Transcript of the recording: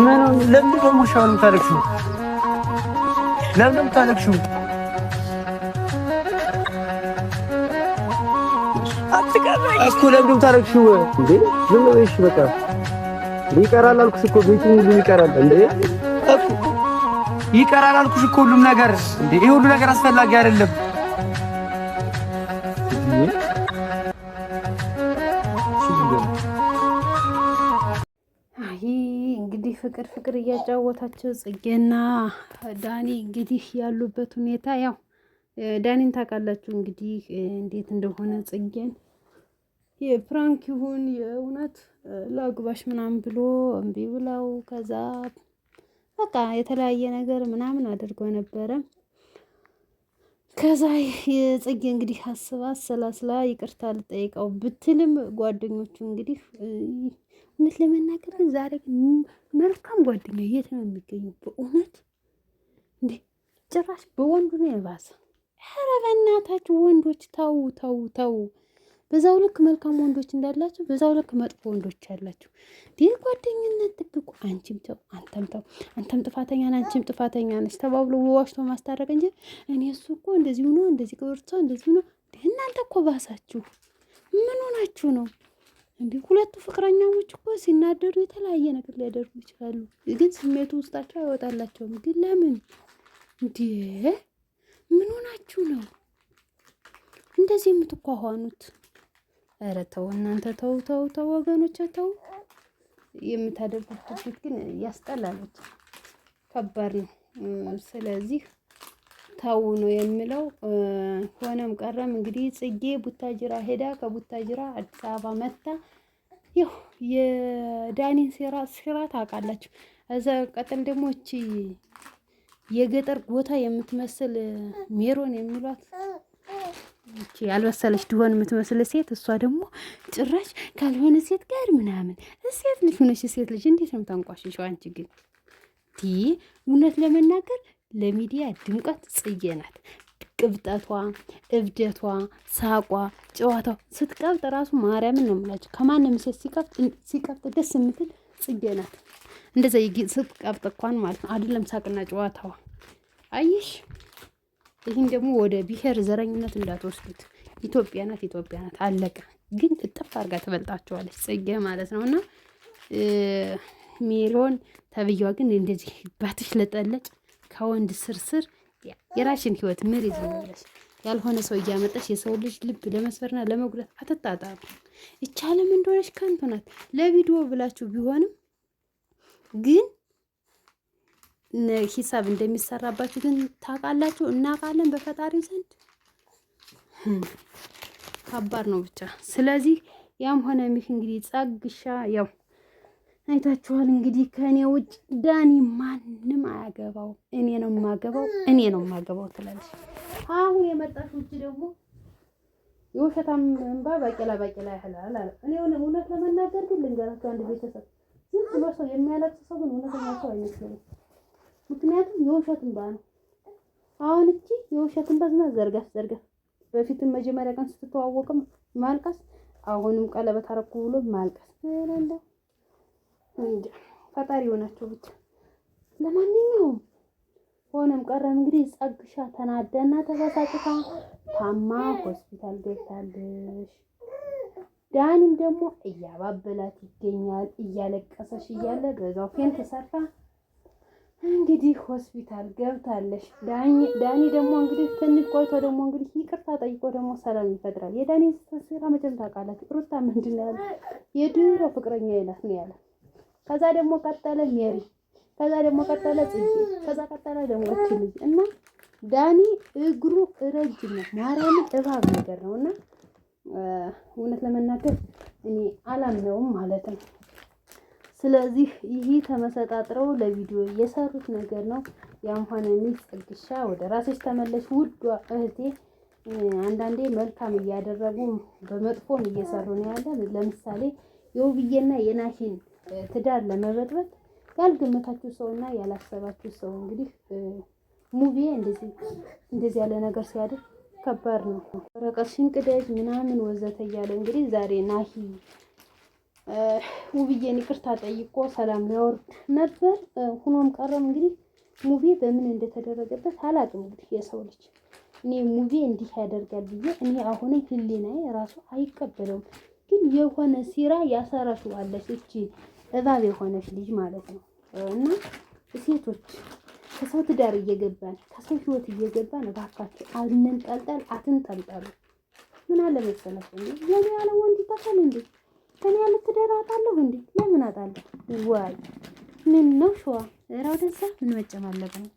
ምን ለምን ደግሞ ሻውን የምታለቅሽው? ለምን የምታለቅሽው? እኮ ለምን የምታለቅሽው? እንዴ ዝም ብለሽ በቃ ይቀራል አልኩሽ እኮ ቤቱ ሁሉ ይቀራል። እንዴ ይቀራል አልኩሽ እኮ ሁሉም ነገር እንዴ ይሄ ሁሉ ነገር አስፈላጊ አይደለም። ፍቅር ፍቅር እያጫወታቸው ጽጌና ዳኒ እንግዲህ ያሉበት ሁኔታ ያው ዳኒን ታውቃላችሁ እንግዲህ እንዴት እንደሆነ ጽጌን የፕራንክ ይሁን የእውነት ለአግባሽ ምናምን ብሎ እምቢ ብላው ከዛ በቃ የተለያየ ነገር ምናምን አድርጎ ነበረ። ከዛ ጽጌ እንግዲህ አስባ ሰላስላ ይቅርታ ልጠይቀው ብትልም ጓደኞቹ እንግዲህ እውነት ለመናገር ግን ዛሬ መልካም ጓደኛ የት ነው የሚገኘው? በእውነት እንዴ ጭራሽ በወንዱ ነው የባሰ። ኧረ በእናታችሁ ወንዶች ተው ተው ተው። በዛው ልክ መልካም ወንዶች እንዳላችሁ በዛው ልክ መጥፎ ወንዶች አላችሁ። ይህ ጓደኝነት ጥብቁ አንቺም ተው አንተም ተው አንተም ጥፋተኛ ነህ አንቺም ጥፋተኛ ነች ተባብሎ ዋሽቶ ማስታረቅ እንጂ እኔ እሱ እኮ እንደዚህ ሆኖ እንደዚህ ቅርቶ እንደዚህ ሆኖ እናንተ እኮ ባሳችሁ። ምን ሆናችሁ ነው? እንዲህ ሁለቱ ፍቅረኛሞች እኮ ሲናደዱ የተለያየ ነገር ሊያደርጉ ይችላሉ። ግን ስሜቱ ውስጣቸው አይወጣላቸውም። ግን ለምን እንዴ? ምን ሆናችሁ ነው እንደዚህ የምትኳኋኑት? ኧረ ተው እናንተ ተው ተው ተው ወገኖች ተው። የምታደርጉት ድርጊት ግን ያስጠላሉት ከባድ ነው። ስለዚህ ተው ነው የምለው። ሆነም ቀረም እንግዲህ ጽጌ ቡታጅራ ሄዳ ከቡታጅራ አዲስ አበባ መታ ይሁ የዳኒን ሴራ ሴራ ታውቃላችሁ። እዛ ቀጥል ደግሞ እቺ የገጠር ጎታ የምትመስል ሜሮን የሚሏት ይቺ ያልበሰለች ድሆን የምትመስል ሴት እሷ ደግሞ ጭራሽ ካልሆነ ሴት ጋር ምናምን ሴት ልጅ ሆነች። ሴት ልጅ እንዴት ነው ታንቋሽሸው? አንቺ ግን እውነት ለመናገር ለሚዲያ ድምቀት ጽዬ ናት። ቅብጠቷ፣ እብደቷ፣ ሳቋ፣ ጨዋታው ስትቀብጥ ራሱ ማርያምን ነው የምላቸው። ከማንም ሴት ሲቀብጥ ደስ የምትል ጽጌ ናት። እንደዛ ስትቀብጥ እንኳን ማለት ነው አይደለም ሳቅና ጨዋታዋ አየሽ ይህን ደግሞ ወደ ብሔር ዘረኝነት እንዳትወስዱት። ኢትዮጵያ ናት፣ ኢትዮጵያ ናት፣ አለቀ። ግን እጥፍ አድርጋ ትበልጣቸዋለች ጽጌ ማለት ነው። እና ሜሮን ተብያዋ ግን እንደዚህ ባትሽ ለጠለጭ ከወንድ ስርስር የራሽን ህይወት ምር ይዘለች ያልሆነ ሰው እያመጣች የሰው ልጅ ልብ ለመስበርና ለመጉዳት አትጣጣሩ። ይቻለም እንደሆነች ከንቱ ናት። ለቪዲዮ ብላችሁ ቢሆንም ግን ሂሳብ እንደሚሰራባችሁ ግን ታውቃላችሁ፣ እናውቃለን በፈጣሪ ዘንድ ከባድ ነው ብቻ። ስለዚህ ያም ሆነ ሚህ እንግዲህ ጸግሻ ያው አይታችኋል። እንግዲህ ከእኔ ውጭ ዳኒ ማንም አያገባው፣ እኔ ነው የማገባው፣ እኔ ነው የማገባው ትላለች። አሁን የመጣሽ ውጭ ደግሞ የውሸታም እንባ ባቄላ ባቄላ ያህላል አለ። እኔ እውነት ለመናገር ግን ልንገራቸው፣ አንድ ቤተሰብ ዝም ብሎ ሰው የሚያለቅስ ሰው ግን እውነተኛ ሰው አይመስለኝም። ምክንያቱም የውሸት እንባ ነው። አሁን እቺ የውሸት እንባ ዝና ዘርጋት ዘርጋት። በፊትም መጀመሪያ ቀን ስትተዋወቅም ማልቀስ፣ አሁንም ቀለበት አረኩ ብሎ ማልቀስ ላለ ፈጣሪ የሆናቸው ብቻ። ለማንኛውም ሆነም ቀረም እንግዲህ ጸግሻ ተናደና ተበሳጭታ ታማ ሆስፒታል ገብታለች ዳኒም ደግሞ እያባበላት ይገኛል። እያለቀሰሽ እያለ በዛው ፌን ተሰርታ እንግዲህ ሆስፒታል ገብታለች። ዳኒ ደግሞ እንግዲህ ትንሽ ቆይቶ ደግሞ እንግዲህ ይቅርታ ጠይቆ ደግሞ ሰላም ይፈጥራል። የዳኒ ስራ መቼም ታውቃላችሁ። ሩታ ምንድን ነው ያለ የድሮ ፍቅረኛ ይላት ነው ያለ። ከዛ ደግሞ ቀጠለ ሜሪ፣ ከዛ ደግሞ ቀጠለ ጽ ከዛ ቀጠለ ደግሞ እቺ ልጅ እና ዳኒ እግሩ ረጅም ነው። ማርያምን እባብ ነገር ነው እና እውነት ለመናገር እኔ አላምነውም ማለት ነው። ስለዚህ ይህ ተመሰጣጥረው ለቪዲዮ የሰሩት ነገር ነው። ያም ሆነ ይህ ጽግሻ ወደ ራስሽ ተመለሽ ውዷ እህቴ። አንዳንዴ መልካም እያደረጉ በመጥፎም እየሰሩ ነው ያለ። ለምሳሌ የውብዬና የናሂን ትዳር ለመበጥበጥ ያልገመታችሁ ሰውና ያላሰባችሁ ሰው እንግዲህ ሙቪ እንደዚህ እንደዚህ ያለ ነገር ሲያደርግ ከባድ ነው። ወረቀት ሽንቅደጅ ምናምን ወዘተ እያለ እንግዲህ ዛሬ ናሂ ውብዬን ይቅርታ ጠይቆ ሰላም ሊያወርድ ነበር። ሁኖም ቀረም እንግዲህ ሙቪ በምን እንደተደረገበት አላቅም። እንግዲህ የሰው ልጅ እኔ ሙቪ እንዲህ ያደርጋል ብዬ እኔ አሁንም ህሊናዬ ራሱ አይቀበለውም። ግን የሆነ ሲራ ያሰረችዋለች እቺ እባብ የሆነች ልጅ ማለት ነው። እና ሴቶች ከሰው ትዳር እየገባን ከሰው ህይወት እየገባን እባካችሁ አንንጠልጠል፣ አትንጠልጠሉ። ምን አለ መሰላችሁ የኔ ያለ ወንድ ይታሰል እንዴ? ከኔ ልትደር አጣለሁ እንዴ? ለምን አጣለሁ? ዋይ ምን ነው ሸዋ ራው ደዛ ምን መጨማለቅ ነው?